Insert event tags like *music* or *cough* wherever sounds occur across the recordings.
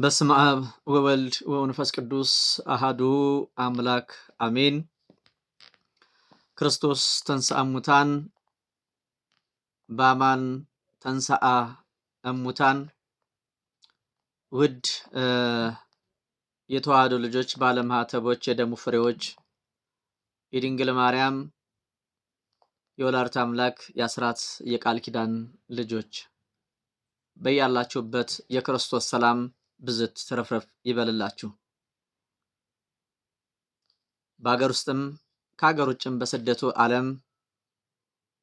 በስመ አብ ወወልድ ወመንፈስ ቅዱስ አሃዱ አምላክ አሜን። ክርስቶስ ተንሥአ እሙታን በአማን ተንሥአ እሙታን። ውድ የተዋህዶ ልጆች፣ ባለማህተቦች፣ የደሙ ፍሬዎች፣ የድንግል ማርያም የወላዲተ አምላክ የአስራት የቃል ኪዳን ልጆች በያላችሁበት የክርስቶስ ሰላም ብዝት ትረፍረፍ ይበልላችሁ። በሀገር ውስጥም ከሀገር ውጭም በስደቱ ዓለም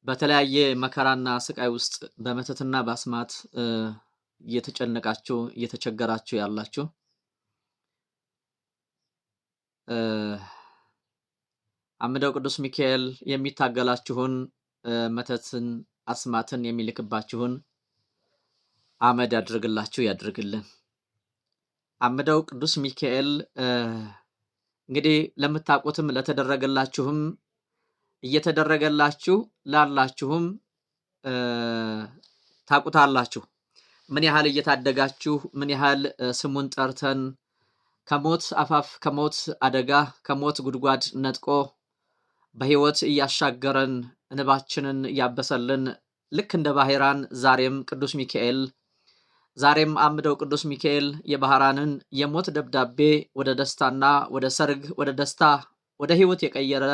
በተለያየ መከራና ስቃይ ውስጥ በመተትና በአስማት እየተጨነቃችሁ እየተቸገራችሁ ያላችሁ አምደው ቅዱስ ሚካኤል የሚታገላችሁን መተትን አስማትን የሚልክባችሁን አመድ ያድርግላችሁ ያድርግልን። አምደው ቅዱስ ሚካኤል እንግዲህ ለምታውቁትም ለተደረገላችሁም እየተደረገላችሁ ላላችሁም ታቁታላችሁ። ምን ያህል እየታደጋችሁ ምን ያህል ስሙን ጠርተን ከሞት አፋፍ ከሞት አደጋ ከሞት ጉድጓድ ነጥቆ በሕይወት እያሻገረን እንባችንን እያበሰልን ልክ እንደ ባሕራን ዛሬም ቅዱስ ሚካኤል ዛሬም አምደው ቅዱስ ሚካኤል የባህራንን የሞት ደብዳቤ ወደ ደስታና ወደ ሰርግ፣ ወደ ደስታ፣ ወደ ህይወት የቀየረ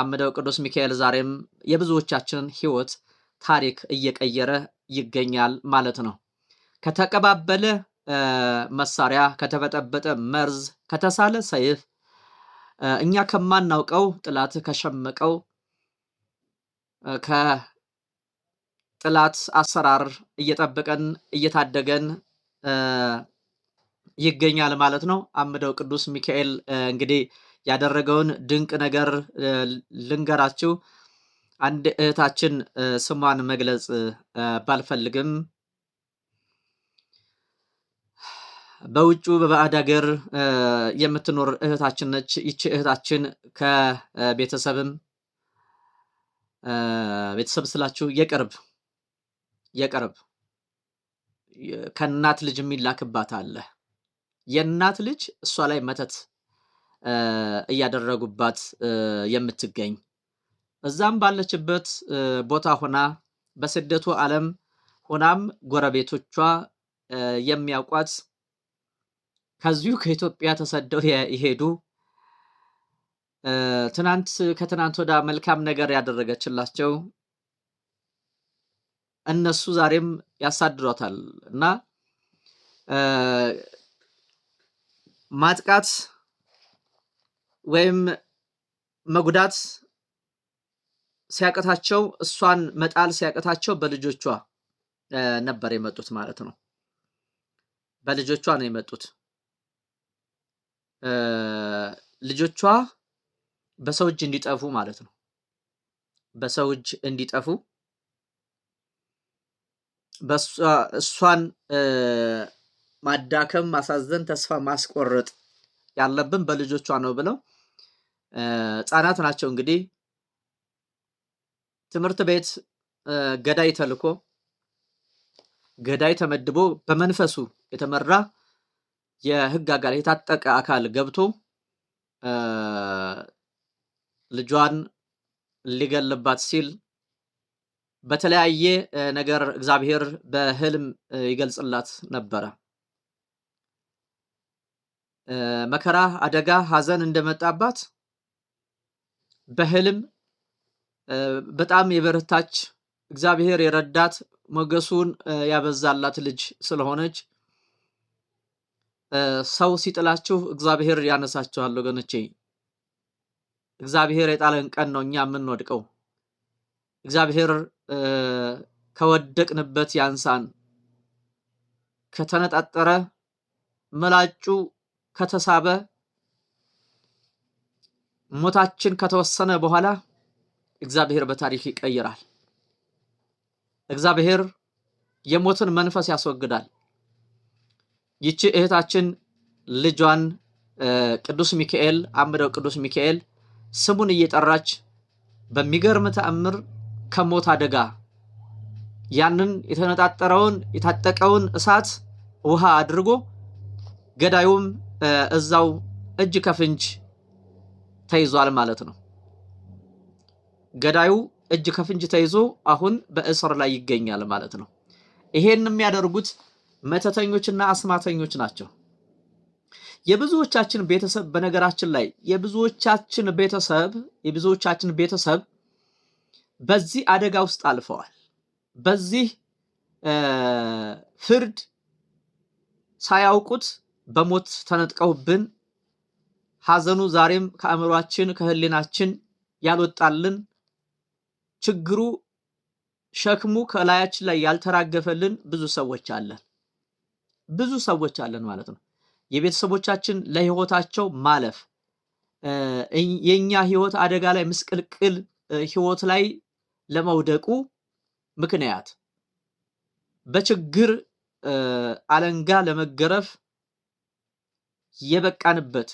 አምደው ቅዱስ ሚካኤል ዛሬም የብዙዎቻችንን ህይወት ታሪክ እየቀየረ ይገኛል ማለት ነው። ከተቀባበለ መሳሪያ፣ ከተበጠበጠ መርዝ፣ ከተሳለ ሰይፍ እኛ ከማናውቀው ጥላት ከሸመቀው ጥላት አሰራር እየጠበቀን እየታደገን ይገኛል ማለት ነው። አምደው ቅዱስ ሚካኤል እንግዲህ ያደረገውን ድንቅ ነገር ልንገራችሁ። አንድ እህታችን ስሟን መግለጽ ባልፈልግም በውጩ በባዕድ ሀገር የምትኖር እህታችን ነች። ይቺ እህታችን ከቤተሰብም ቤተሰብ ስላችሁ የቅርብ የቅርብ ከእናት ልጅ የሚላክባት አለ። የእናት ልጅ እሷ ላይ መተት እያደረጉባት የምትገኝ እዛም ባለችበት ቦታ ሆና በስደቱ ዓለም ሆናም ጎረቤቶቿ የሚያውቋት ከዚሁ ከኢትዮጵያ ተሰደው የሄዱ ትናንት ከትናንት ወዳ መልካም ነገር ያደረገችላቸው እነሱ ዛሬም ያሳድሯታል እና ማጥቃት ወይም መጉዳት ሲያቀታቸው እሷን መጣል ሲያቅታቸው በልጆቿ ነበር የመጡት ማለት ነው። በልጆቿ ነው የመጡት። ልጆቿ በሰው እጅ እንዲጠፉ ማለት ነው። በሰው እጅ እንዲጠፉ እሷን ማዳከም፣ ማሳዘን፣ ተስፋ ማስቆረጥ ያለብን በልጆቿ ነው ብለው ህጻናት ናቸው እንግዲህ ትምህርት ቤት ገዳይ ተልኮ ገዳይ ተመድቦ በመንፈሱ የተመራ የህግ አካል የታጠቀ አካል ገብቶ ልጇን ሊገልባት ሲል በተለያየ ነገር እግዚአብሔር በህልም ይገልጽላት ነበረ። መከራ፣ አደጋ፣ ሐዘን እንደመጣባት በህልም በጣም የበረታች እግዚአብሔር የረዳት ሞገሱን ያበዛላት ልጅ ስለሆነች ሰው ሲጥላችሁ እግዚአብሔር ያነሳችኋል። ወገኖቼ እግዚአብሔር የጣለን ቀን ነው እኛ የምንወድቀው። እግዚአብሔር ከወደቅንበት ያንሳን። ከተነጣጠረ መላጩ ከተሳበ ሞታችን ከተወሰነ በኋላ እግዚአብሔር በታሪክ ይቀይራል። እግዚአብሔር የሞትን መንፈስ ያስወግዳል። ይቺ እህታችን ልጇን ቅዱስ ሚካኤል አምደው ቅዱስ ሚካኤል ስሙን እየጠራች በሚገርም ተአምር ከሞት አደጋ ያንን የተነጣጠረውን የታጠቀውን እሳት ውሃ አድርጎ ገዳዩም እዛው እጅ ከፍንጅ ተይዟል ማለት ነው። ገዳዩ እጅ ከፍንጅ ተይዞ አሁን በእስር ላይ ይገኛል ማለት ነው። ይሄን የሚያደርጉት መተተኞችና አስማተኞች ናቸው። የብዙዎቻችን ቤተሰብ በነገራችን ላይ የብዙዎቻችን ቤተሰብ የብዙዎቻችን ቤተሰብ በዚህ አደጋ ውስጥ አልፈዋል። በዚህ ፍርድ ሳያውቁት በሞት ተነጥቀውብን ሐዘኑ ዛሬም ከአእምሯችን ከህሊናችን ያልወጣልን ችግሩ ሸክሙ ከላያችን ላይ ያልተራገፈልን ብዙ ሰዎች አለን ብዙ ሰዎች አለን ማለት ነው። የቤተሰቦቻችን ለህይወታቸው ማለፍ የእኛ ህይወት አደጋ ላይ ምስቅልቅል ህይወት ላይ ለመውደቁ ምክንያት በችግር አለንጋ ለመገረፍ የበቃንበት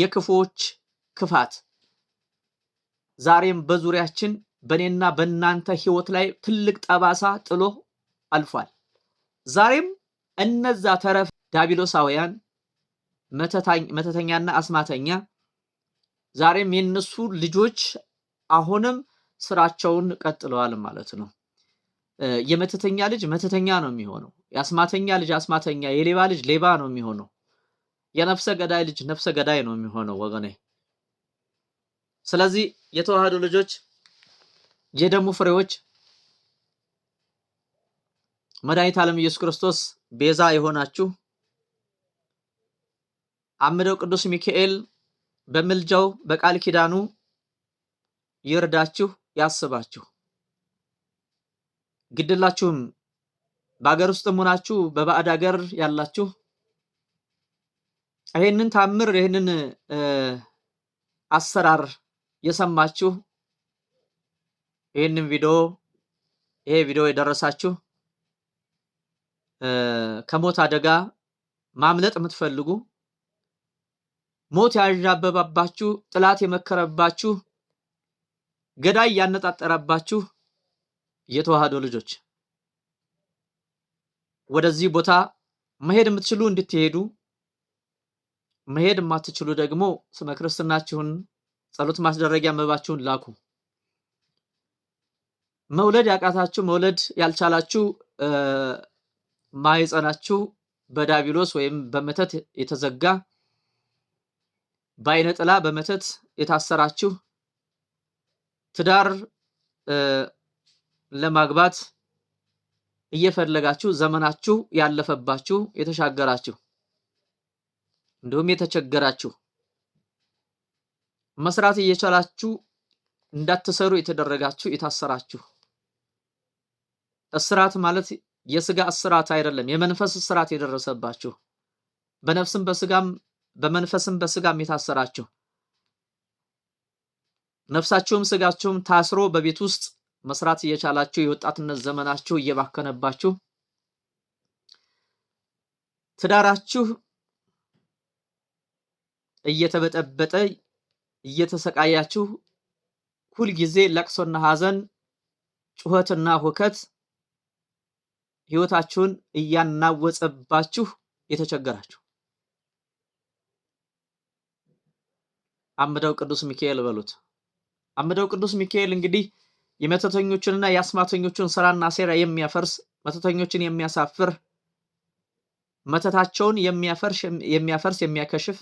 የክፎች ክፋት ዛሬም በዙሪያችን በእኔና በእናንተ ህይወት ላይ ትልቅ ጠባሳ ጥሎ አልፏል። ዛሬም እነዛ ተረፍ ዳቢሎሳውያን መተተኛና አስማተኛ ዛሬም የእነሱ ልጆች አሁንም ስራቸውን ቀጥለዋል ማለት ነው። የመተተኛ ልጅ መተተኛ ነው የሚሆነው። የአስማተኛ ልጅ አስማተኛ፣ የሌባ ልጅ ሌባ ነው የሚሆነው። የነፍሰ ገዳይ ልጅ ነፍሰ ገዳይ ነው የሚሆነው ወገኔ። ስለዚህ የተዋህዶ ልጆች የደሙ ፍሬዎች መድኃኒት ዓለም ኢየሱስ ክርስቶስ ቤዛ የሆናችሁ አምደው ቅዱስ ሚካኤል በምልጃው በቃል ኪዳኑ ይርዳችሁ። ያስባችሁ። ግድላችሁም በአገር ውስጥም ሆናችሁ በባዕድ አገር ያላችሁ ይህንን ታምር ይህንን አሰራር የሰማችሁ ይህንን ቪዲዮ ይሄ ቪዲዮ የደረሳችሁ ከሞት አደጋ ማምለጥ የምትፈልጉ ሞት ያዣበባባችሁ ጥላት የመከረባችሁ ገዳይ ያነጣጠረባችሁ የተዋህዶ ልጆች ወደዚህ ቦታ መሄድ የምትችሉ እንድትሄዱ መሄድ የማትችሉ ደግሞ ስመ ክርስትናችሁን ጸሎት ማስደረጊያ መባችሁን ላኩ። መውለድ ያቃታችሁ መውለድ ያልቻላችሁ ማይጸናችሁ በዳቢሎስ ወይም በመተት የተዘጋ በአይነ ጥላ በመተት የታሰራችሁ ትዳር ለማግባት እየፈለጋችሁ ዘመናችሁ ያለፈባችሁ የተሻገራችሁ እንዲሁም የተቸገራችሁ መስራት እየቻላችሁ እንዳትሰሩ የተደረጋችሁ የታሰራችሁ። እስራት ማለት የስጋ እስራት አይደለም፣ የመንፈስ እስራት የደረሰባችሁ በነፍስም በስጋም በመንፈስም በስጋም የታሰራችሁ ነፍሳችሁም ስጋችሁም ታስሮ በቤት ውስጥ መስራት እየቻላችሁ የወጣትነት ዘመናችሁ እየባከነባችሁ ትዳራችሁ እየተበጠበጠ እየተሰቃያችሁ ሁልጊዜ ለቅሶና ሐዘን፣ ጩኸትና ሁከት ህይወታችሁን እያናወጸባችሁ የተቸገራችሁ አምደው ቅዱስ ሚካኤል በሉት። አምደው ቅዱስ ሚካኤል እንግዲህ የመተተኞችንና የአስማተኞችን ስራና ሴራ የሚያፈርስ መተተኞችን የሚያሳፍር መተታቸውን የሚያፈርስ የሚያከሽፍ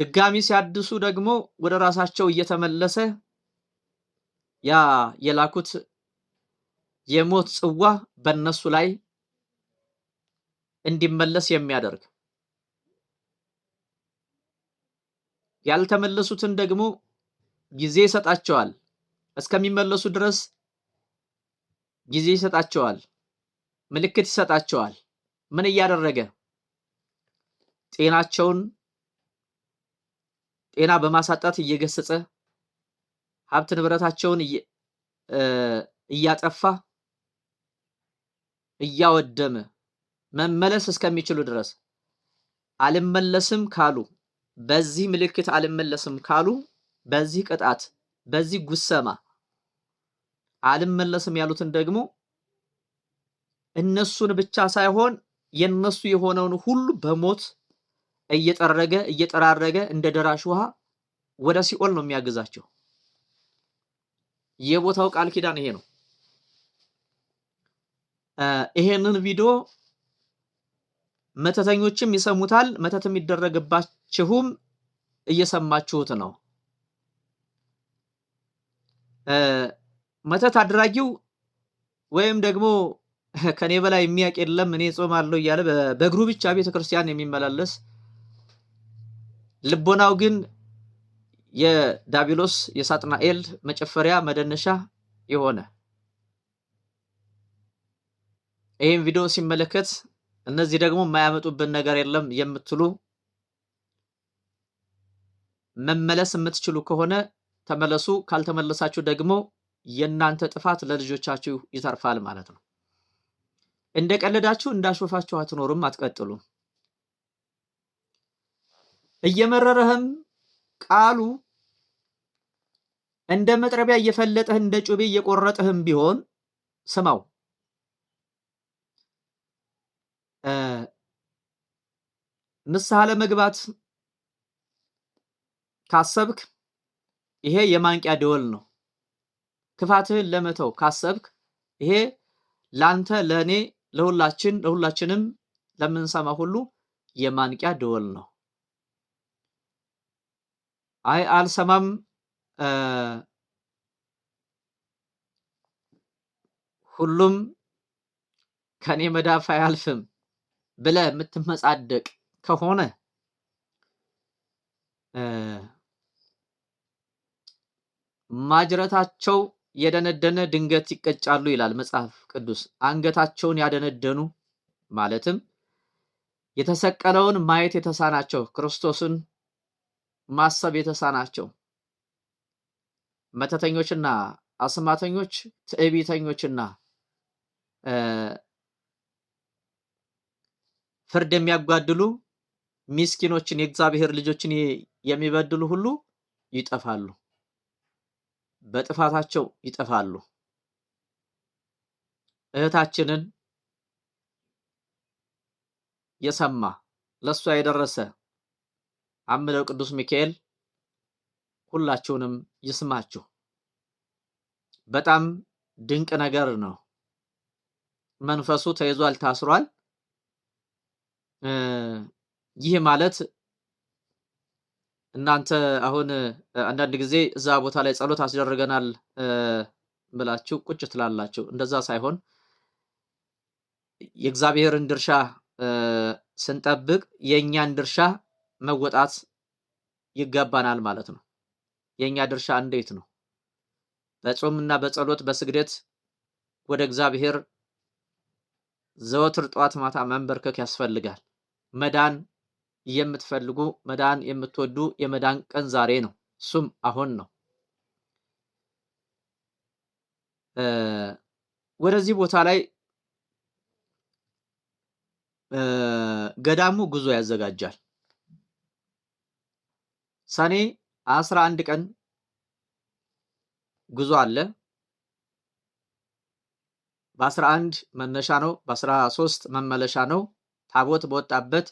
ድጋሚ ሲያድሱ ደግሞ ወደ ራሳቸው እየተመለሰ ያ የላኩት የሞት ጽዋ በእነሱ ላይ እንዲመለስ የሚያደርግ ያልተመለሱትን ደግሞ ጊዜ ይሰጣቸዋል። እስከሚመለሱ ድረስ ጊዜ ይሰጣቸዋል፣ ምልክት ይሰጣቸዋል። ምን እያደረገ ጤናቸውን ጤና በማሳጣት እየገሰጸ ሀብት ንብረታቸውን እያጠፋ እያወደመ መመለስ እስከሚችሉ ድረስ አልመለስም ካሉ በዚህ ምልክት አልመለስም ካሉ በዚህ ቅጣት በዚህ ጉሰማ አልመለስም ያሉትን ደግሞ እነሱን ብቻ ሳይሆን የነሱ የሆነውን ሁሉ በሞት እየጠረገ እየጠራረገ እንደ ደራሽ ውሃ ወደ ሲኦል ነው የሚያግዛቸው። የቦታው ቃል ኪዳን ይሄ ነው። ይሄንን ቪዲዮ መተተኞችም ይሰሙታል፣ መተት የሚደረግባችሁም እየሰማችሁት ነው። መተት አድራጊው ወይም ደግሞ ከኔ በላይ የሚያውቅ የለም እኔ ጾማለሁ እያለ በእግሩ ብቻ ቤተክርስቲያን የሚመላለስ ልቦናው ግን የዳቢሎስ የሳጥናኤል መጨፈሪያ መደነሻ የሆነ ይህም ቪዲዮ ሲመለከት እነዚህ ደግሞ የማያመጡብን ነገር የለም የምትሉ መመለስ የምትችሉ ከሆነ ተመለሱ። ካልተመለሳችሁ ደግሞ የእናንተ ጥፋት ለልጆቻችሁ ይተርፋል ማለት ነው። እንደ ቀለዳችሁ እንዳሾፋችሁ አትኖሩም፣ አትቀጥሉም። እየመረረህም ቃሉ እንደ መጥረቢያ እየፈለጠህ እንደ ጩቤ እየቆረጠህም ቢሆን ስማው። ንስሐ ለመግባት ካሰብክ ይሄ የማንቂያ ደወል ነው። ክፋትህን ለመተው ካሰብክ ይሄ ላንተ፣ ለእኔ፣ ለሁላችን ለሁላችንም ለምንሰማ ሁሉ የማንቂያ ደወል ነው። አይ አልሰማም ሁሉም ከኔ መዳፍ አያልፍም ብለህ የምትመጻደቅ ከሆነ ማጅረታቸው የደነደነ ድንገት ይቀጫሉ ይላል መጽሐፍ ቅዱስ። አንገታቸውን ያደነደኑ ማለትም የተሰቀለውን ማየት የተሳናቸው ክርስቶስን ማሰብ የተሳናቸው መተተኞችና አስማተኞች፣ ትዕቢተኞችና ፍርድ የሚያጓድሉ ሚስኪኖችን የእግዚአብሔር ልጆችን የሚበድሉ ሁሉ ይጠፋሉ፣ በጥፋታቸው ይጠፋሉ። እህታችንን የሰማ ለእሷ የደረሰ አምደው ቅዱስ ሚካኤል ሁላችሁንም ይስማችሁ። በጣም ድንቅ ነገር ነው። መንፈሱ ተይዟል፣ ታስሯል። ይህ ማለት እናንተ አሁን አንዳንድ ጊዜ እዛ ቦታ ላይ ጸሎት አስደርገናል ብላችሁ ቁጭ ትላላችሁ። እንደዛ ሳይሆን የእግዚአብሔርን ድርሻ ስንጠብቅ የእኛን ድርሻ መወጣት ይገባናል ማለት ነው። የእኛ ድርሻ እንዴት ነው? በጾምና በጸሎት በስግደት ወደ እግዚአብሔር ዘወትር ጠዋት ማታ መንበርከክ ያስፈልጋል። መዳን የምትፈልጉ መዳን የምትወዱ የመዳን ቀን ዛሬ ነው። እሱም አሁን ነው። ወደዚህ ቦታ ላይ ገዳሙ ጉዞ ያዘጋጃል። ሰኔ አስራ አንድ ቀን ጉዞ አለ። በ11 መነሻ ነው፣ በ13 መመለሻ ነው። ታቦት በወጣበት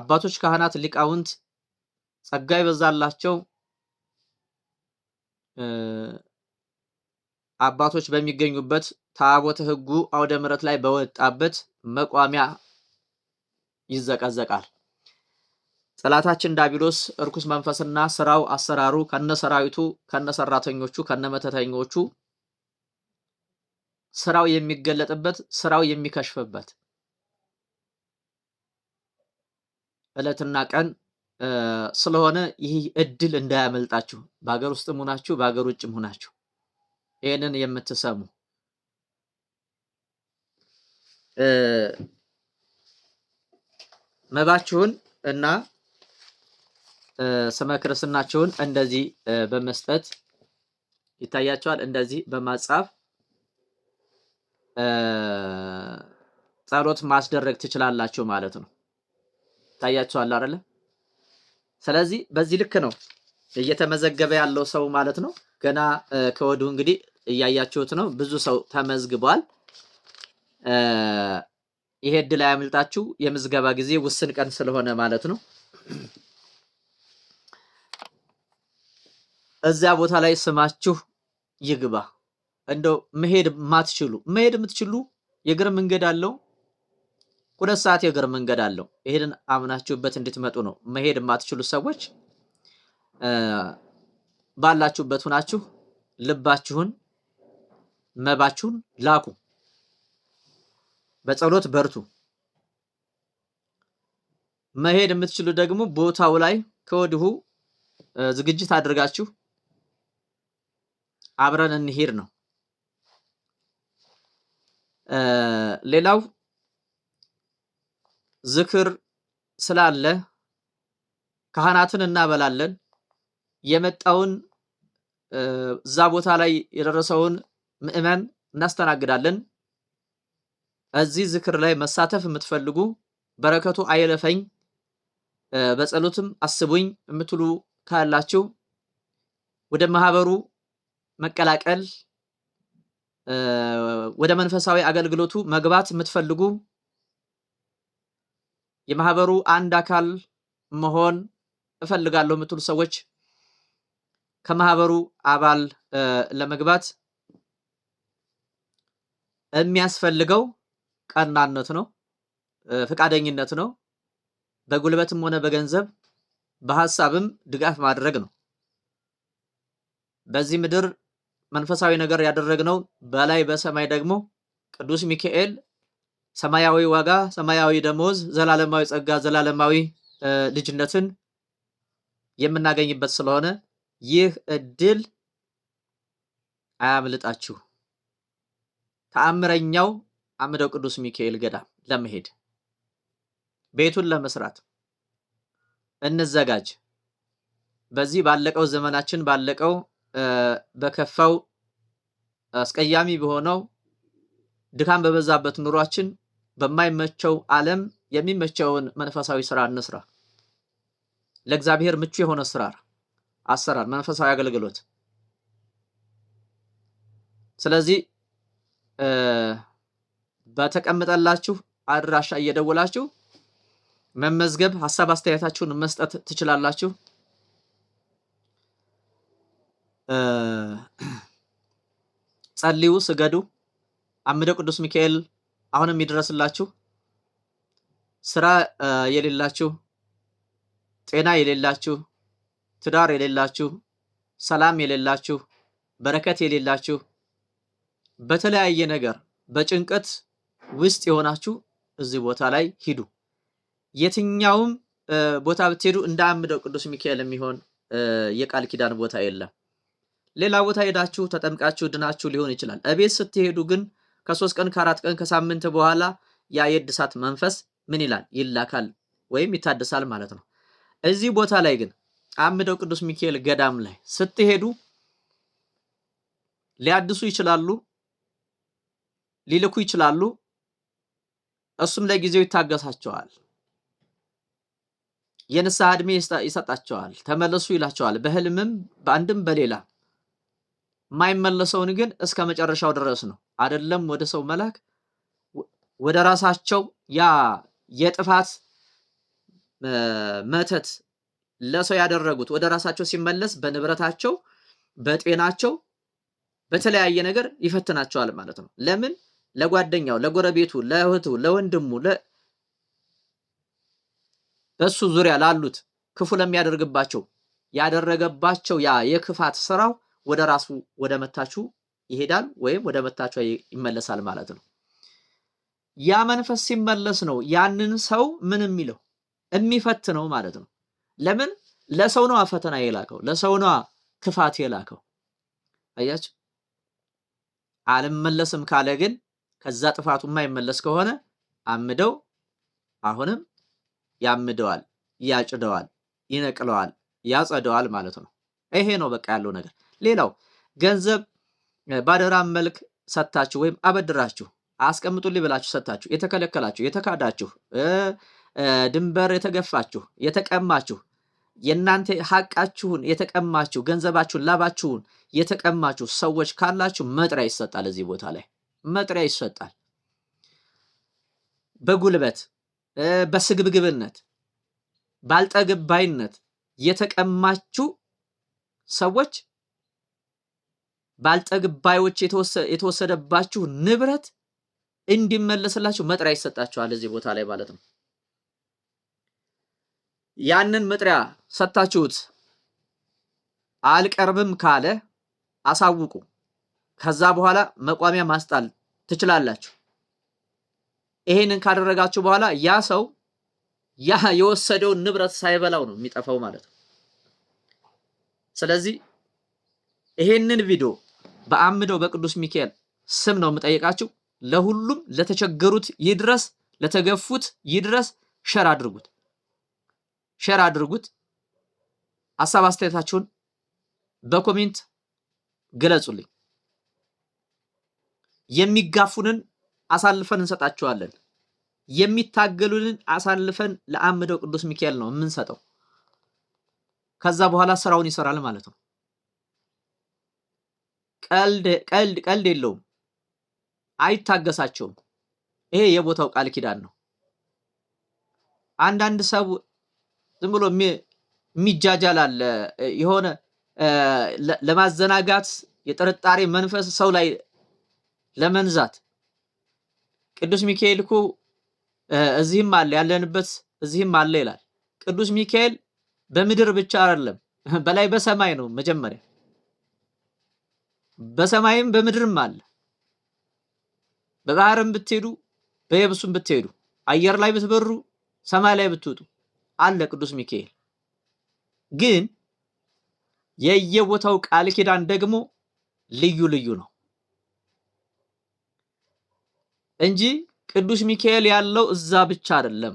አባቶች፣ ካህናት፣ ሊቃውንት ጸጋ ይበዛላቸው አባቶች በሚገኙበት ታቦተ ሕጉ አውደ ምረት ላይ በወጣበት መቋሚያ ይዘቀዘቃል። ጠላታችን ዲያብሎስ እርኩስ መንፈስና ስራው አሰራሩ ከነ ሰራዊቱ ከነ ሰራተኞቹ ከነ መተተኞቹ ስራው የሚገለጥበት ስራው የሚከሽፍበት እለትና ቀን ስለሆነ ይህ እድል እንዳያመልጣችሁ በሀገር ውስጥም ሆናችሁ በሀገር ውጭም ሆናችሁ ይህንን የምትሰሙ መባችሁን እና ስመ ክርስትናችሁን እንደዚህ በመስጠት ይታያቸዋል። እንደዚህ በማጻፍ ጸሎት ማስደረግ ትችላላችሁ ማለት ነው። ታያችኋል አይደለ? ስለዚህ በዚህ ልክ ነው እየተመዘገበ ያለው ሰው ማለት ነው። ገና ከወዱ እንግዲህ እያያችሁት ነው። ብዙ ሰው ተመዝግቧል። ይሄ እድል አያምልጣችሁ። የምዝገባ ጊዜ ውስን ቀን ስለሆነ ማለት ነው። እዚያ ቦታ ላይ ስማችሁ ይግባ። እንደው መሄድ ማትችሉ መሄድ የምትችሉ የእግር መንገድ አለው። ሁለት ሰዓት የእግር መንገድ አለው። ይሄንን አምናችሁበት እንድትመጡ ነው። መሄድ የማትችሉ ሰዎች ባላችሁበት ሁናችሁ ልባችሁን መባችሁን ላኩ። በጸሎት በርቱ። መሄድ የምትችሉ ደግሞ ቦታው ላይ ከወዲሁ ዝግጅት አድርጋችሁ አብረን እንሄድ ነው። ሌላው ዝክር ስላለ ካህናትን እናበላለን። የመጣውን እዛ ቦታ ላይ የደረሰውን ምዕመን እናስተናግዳለን። እዚህ ዝክር ላይ መሳተፍ የምትፈልጉ በረከቱ አይለፈኝ በጸሎትም አስቡኝ የምትሉ ካላችሁ ወደ ማህበሩ መቀላቀል ወደ መንፈሳዊ አገልግሎቱ መግባት የምትፈልጉ የማህበሩ አንድ አካል መሆን እፈልጋለሁ የምትሉ ሰዎች ከማህበሩ አባል ለመግባት የሚያስፈልገው ቀናነት ነው፣ ፈቃደኝነት ነው። በጉልበትም ሆነ በገንዘብ በሀሳብም ድጋፍ ማድረግ ነው። በዚህ ምድር መንፈሳዊ ነገር ያደረግነው በላይ በሰማይ ደግሞ ቅዱስ ሚካኤል ሰማያዊ ዋጋ፣ ሰማያዊ ደሞዝ፣ ዘላለማዊ ጸጋ፣ ዘላለማዊ ልጅነትን የምናገኝበት ስለሆነ ይህ እድል አያምልጣችሁ። ተአምረኛው አምደው ቅዱስ ሚካኤል ገዳም ለመሄድ ቤቱን ለመስራት እንዘጋጅ። በዚህ ባለቀው ዘመናችን ባለቀው በከፋው አስቀያሚ በሆነው ድካም በበዛበት ኑሯችን በማይመቸው ዓለም የሚመቸውን መንፈሳዊ ስራ እንስራ። ለእግዚአብሔር ምቹ የሆነ ስራ አሰራር፣ መንፈሳዊ አገልግሎት። ስለዚህ በተቀምጠላችሁ አድራሻ እየደወላችሁ መመዝገብ፣ ሀሳብ አስተያየታችሁን መስጠት ትችላላችሁ። ጸልዩ፣ ስገዱ፣ አምደ ቅዱስ ሚካኤል አሁንም ይድረስላችሁ። ስራ የሌላችሁ፣ ጤና የሌላችሁ፣ ትዳር የሌላችሁ፣ ሰላም የሌላችሁ፣ በረከት የሌላችሁ፣ በተለያየ ነገር በጭንቀት ውስጥ የሆናችሁ እዚህ ቦታ ላይ ሂዱ። የትኛውም ቦታ ብትሄዱ እንደ አምደው ቅዱስ ሚካኤል የሚሆን የቃል ኪዳን ቦታ የለም። ሌላ ቦታ ሄዳችሁ ተጠምቃችሁ ድናችሁ ሊሆን ይችላል። እቤት ስትሄዱ ግን ከሶስት ቀን ከአራት ቀን ከሳምንት በኋላ ያ የእድሳት መንፈስ ምን ይላል? ይላካል ወይም ይታደሳል ማለት ነው። እዚህ ቦታ ላይ ግን አምደው ቅዱስ ሚካኤል ገዳም ላይ ስትሄዱ ሊያድሱ ይችላሉ፣ ሊልኩ ይችላሉ። እሱም ለጊዜው ይታገሳቸዋል። የንስሐ ዕድሜ ይሰጣቸዋል። ተመለሱ ይላቸዋል። በህልምም በአንድም በሌላ የማይመለሰውን ግን እስከ መጨረሻው ድረስ ነው። አደለም ወደ ሰው መላክ ወደ ራሳቸው ያ የጥፋት መተት ለሰው ያደረጉት ወደ ራሳቸው ሲመለስ በንብረታቸው፣ በጤናቸው፣ በተለያየ ነገር ይፈትናቸዋል ማለት ነው። ለምን ለጓደኛው፣ ለጎረቤቱ፣ ለእህቱ፣ ለወንድሙ በሱ ዙሪያ ላሉት ክፉ ለሚያደርግባቸው ያደረገባቸው ያ የክፋት ስራው ወደ ራሱ ወደ መታቹ ይሄዳል ወይም ወደ መታቿ ይመለሳል ማለት ነው። ያ መንፈስ ሲመለስ ነው ያንን ሰው ምን የሚለው የሚፈትነው ማለት ነው። ለምን ለሰው ነዋ ፈተና የላከው ለሰው ነዋ ክፋት የላከው አያችሁ። አልመለስም ካለ ግን ከዛ ጥፋቱ የማይመለስ ከሆነ አምደው አሁንም ያምደዋል፣ ያጭደዋል፣ ይነቅለዋል፣ ያጸደዋል ማለት ነው። ይሄ ነው በቃ ያለው ነገር። ሌላው ገንዘብ ባደራ መልክ ሰጥታችሁ ወይም አበድራችሁ አስቀምጡልኝ ብላችሁ ሰጥታችሁ የተከለከላችሁ፣ የተካዳችሁ፣ ድንበር የተገፋችሁ፣ የተቀማችሁ የእናንተ ሀቃችሁን የተቀማችሁ ገንዘባችሁን ላባችሁን የተቀማችሁ ሰዎች ካላችሁ መጥሪያ ይሰጣል። እዚህ ቦታ ላይ መጥሪያ ይሰጣል። በጉልበት በስግብግብነት ባልጠግባይነት የተቀማችሁ ሰዎች ባልጠግባዮች የተወሰደባችሁ ንብረት እንዲመለስላችሁ መጥሪያ ይሰጣችኋል። እዚህ ቦታ ላይ ማለት ነው። ያንን መጥሪያ ሰጥታችሁት አልቀርብም ካለ አሳውቁ። ከዛ በኋላ መቋሚያ ማስጣል ትችላላችሁ። ይሄንን ካደረጋችሁ በኋላ ያ ሰው ያ የወሰደውን ንብረት ሳይበላው ነው የሚጠፋው ማለት ነው። ስለዚህ ይሄንን ቪዲዮ በአምደው በቅዱስ ሚካኤል ስም ነው የምጠይቃችሁ። ለሁሉም ለተቸገሩት ይድረስ፣ ለተገፉት ይድረስ። ሸር አድርጉት፣ ሸር አድርጉት። ሀሳብ አስተያየታችሁን በኮሜንት ግለጹልኝ። የሚጋፉንን አሳልፈን እንሰጣቸዋለን። የሚታገሉንን አሳልፈን ለአምደው ቅዱስ ሚካኤል ነው የምንሰጠው። ከዛ በኋላ ስራውን ይሰራል ማለት ነው። ቀልድ ቀልድ ቀልድ የለውም፣ አይታገሳቸውም። ይሄ የቦታው ቃል ኪዳን ነው። አንዳንድ ሰው ዝም ብሎ የሚጃጃል አለ። የሆነ ለማዘናጋት የጥርጣሬ መንፈስ ሰው ላይ ለመንዛት ቅዱስ ሚካኤል እኮ እዚህም አለ ያለንበት እዚህም አለ ይላል። ቅዱስ ሚካኤል በምድር ብቻ አይደለም፣ በላይ በሰማይ ነው መጀመሪያ በሰማይም በምድርም አለ። በባህርም ብትሄዱ በየብሱም ብትሄዱ አየር ላይ ብትበሩ ሰማይ ላይ ብትወጡ አለ ቅዱስ ሚካኤል። ግን የየቦታው ቃል ኪዳን ደግሞ ልዩ ልዩ ነው እንጂ ቅዱስ ሚካኤል ያለው እዛ ብቻ አይደለም።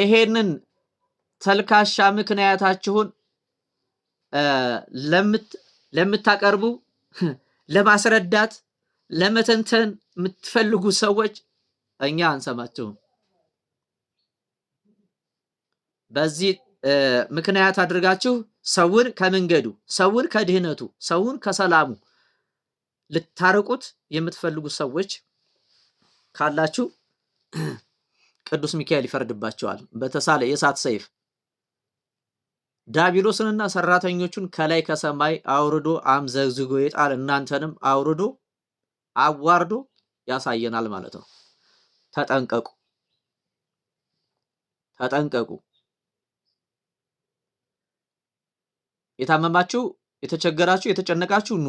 ይሄንን ተልካሻ ምክንያታችሁን ለምታቀርቡ፣ *laughs* ለማስረዳት፣ ለመተንተን የምትፈልጉ ሰዎች እኛ አንሰማችሁም። በዚህ ምክንያት አድርጋችሁ ሰውን ከመንገዱ፣ ሰውን ከድህነቱ፣ ሰውን ከሰላሙ ልታርቁት የምትፈልጉ ሰዎች ካላችሁ *clears throat* ቅዱስ ሚካኤል ይፈርድባቸዋል በተሳለ የእሳት ሰይፍ። ዳቢሎስንና ሰራተኞቹን ከላይ ከሰማይ አውርዶ አምዘግዝጎ ይጣል እናንተንም አውርዶ አዋርዶ ያሳየናል ማለት ነው። ተጠንቀቁ፣ ተጠንቀቁ። የታመማችሁ፣ የተቸገራችሁ፣ የተጨነቃችሁ ኑ።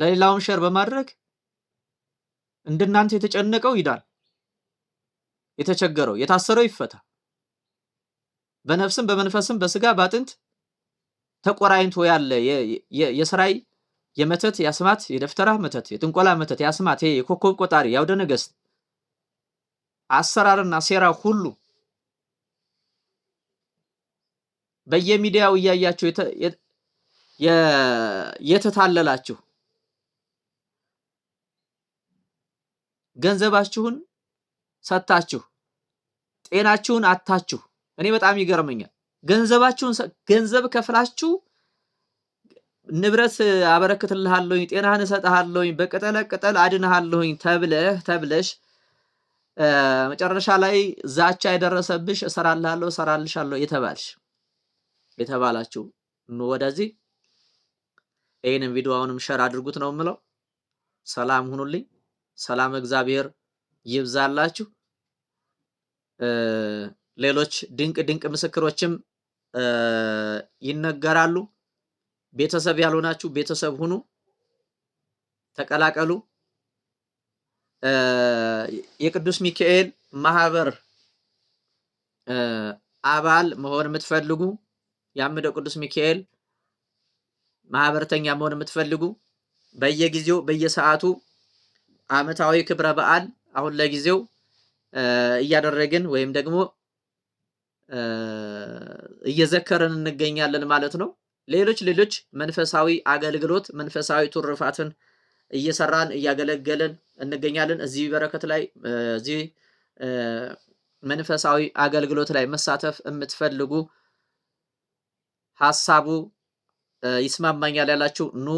ለሌላውም ሸር በማድረግ እንደናንተ የተጨነቀው ይዳል የተቸገረው የታሰረው ይፈታ። በነፍስም በመንፈስም በስጋ በአጥንት ተቆራኝቶ ያለ የስራይ የመተት የአስማት የደፍተራ መተት የጥንቆላ መተት የአስማት የኮከብ ቆጣሪ የአውደ ነገስት አሰራርና ሴራ ሁሉ በየሚዲያው እያያችሁ የተታለላችሁ ገንዘባችሁን ሰጥታችሁ ጤናችሁን አታችሁ እኔ በጣም ይገርመኛል። ገንዘባችሁን ገንዘብ ከፍላችሁ ንብረት አበረክትልሃለሁኝ፣ ጤናህን እሰጥሃለሁኝ፣ በቅጠለ ቅጠል አድንሃለሁኝ ተብለህ ተብለሽ መጨረሻ ላይ ዛቻ የደረሰብሽ እሰራልሃለሁ እሰራልሻለሁ የተባልሽ የተባላችሁ ወደዚህ ይህንም ቪዲዮ አሁንም ሸር አድርጉት ነው የምለው። ሰላም ሁኑልኝ። ሰላም እግዚአብሔር ይብዛላችሁ። ሌሎች ድንቅ ድንቅ ምስክሮችም ይነገራሉ። ቤተሰብ ያልሆናችሁ ቤተሰብ ሁኑ፣ ተቀላቀሉ። የቅዱስ ሚካኤል ማህበር አባል መሆን የምትፈልጉ የአምደው ቅዱስ ሚካኤል ማህበርተኛ መሆን የምትፈልጉ በየጊዜው በየሰዓቱ ዓመታዊ ክብረ በዓል አሁን ለጊዜው እያደረግን ወይም ደግሞ እየዘከረን እንገኛለን ማለት ነው። ሌሎች ሌሎች መንፈሳዊ አገልግሎት መንፈሳዊ ትሩፋትን እየሰራን እያገለገለን እንገኛለን። እዚህ በረከት ላይ እዚህ መንፈሳዊ አገልግሎት ላይ መሳተፍ የምትፈልጉ ሀሳቡ ይስማማኛል ያላችሁ ኑ፣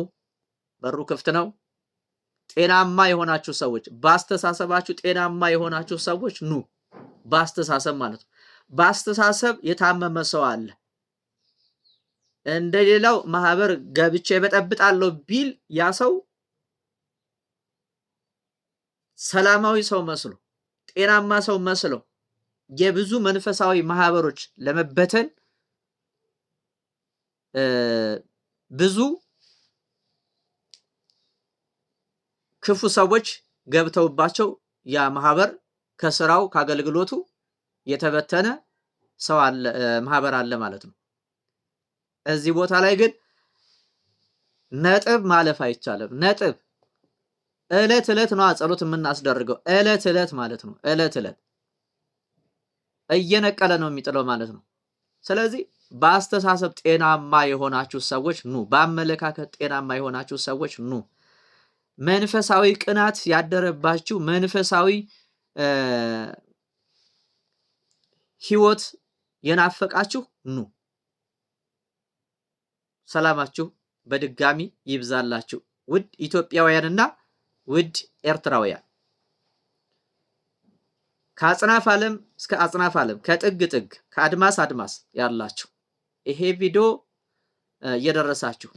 በሩ ክፍት ነው። ጤናማ የሆናችሁ ሰዎች፣ በአስተሳሰባችሁ ጤናማ የሆናችሁ ሰዎች ኑ። በአስተሳሰብ ማለት ነው። በአስተሳሰብ የታመመ ሰው አለ። እንደሌላው ማህበር ገብቼ በጠብጣለሁ ቢል ያ ሰው ሰላማዊ ሰው መስሎ ጤናማ ሰው መስሎ የብዙ መንፈሳዊ ማህበሮች ለመበተን ብዙ ክፉ ሰዎች ገብተውባቸው ያ ማህበር ከስራው ከአገልግሎቱ የተበተነ ሰው አለ ማህበር አለ ማለት ነው። እዚህ ቦታ ላይ ግን ነጥብ ማለፍ አይቻልም። ነጥብ እለት እለት ነው ጸሎት የምናስደርገው እለት እለት ማለት ነው። እለት እለት እየነቀለ ነው የሚጥለው ማለት ነው። ስለዚህ በአስተሳሰብ ጤናማ የሆናችሁ ሰዎች ኑ፣ በአመለካከት ጤናማ የሆናችሁ ሰዎች ኑ። መንፈሳዊ ቅናት ያደረባችሁ መንፈሳዊ ህይወት የናፈቃችሁ ኑ። ሰላማችሁ በድጋሚ ይብዛላችሁ ውድ ኢትዮጵያውያንና ውድ ኤርትራውያን ከአጽናፍ ዓለም እስከ አጽናፍ ዓለም ከጥግ ጥግ ከአድማስ አድማስ ያላችሁ ይሄ ቪዲዮ እየደረሳችሁ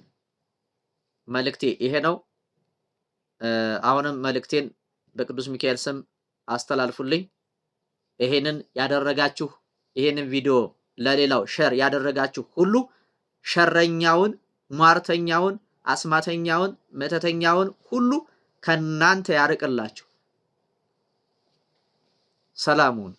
መልእክቴ ይሄ ነው። አሁንም መልእክቴን በቅዱስ ሚካኤል ስም አስተላልፉልኝ። ይሄንን ያደረጋችሁ ይህንን ቪዲዮ ለሌላው ሸር ያደረጋችሁ ሁሉ ሸረኛውን፣ ሟርተኛውን፣ አስማተኛውን፣ መተተኛውን ሁሉ ከናንተ ያርቅላችሁ ሰላሙን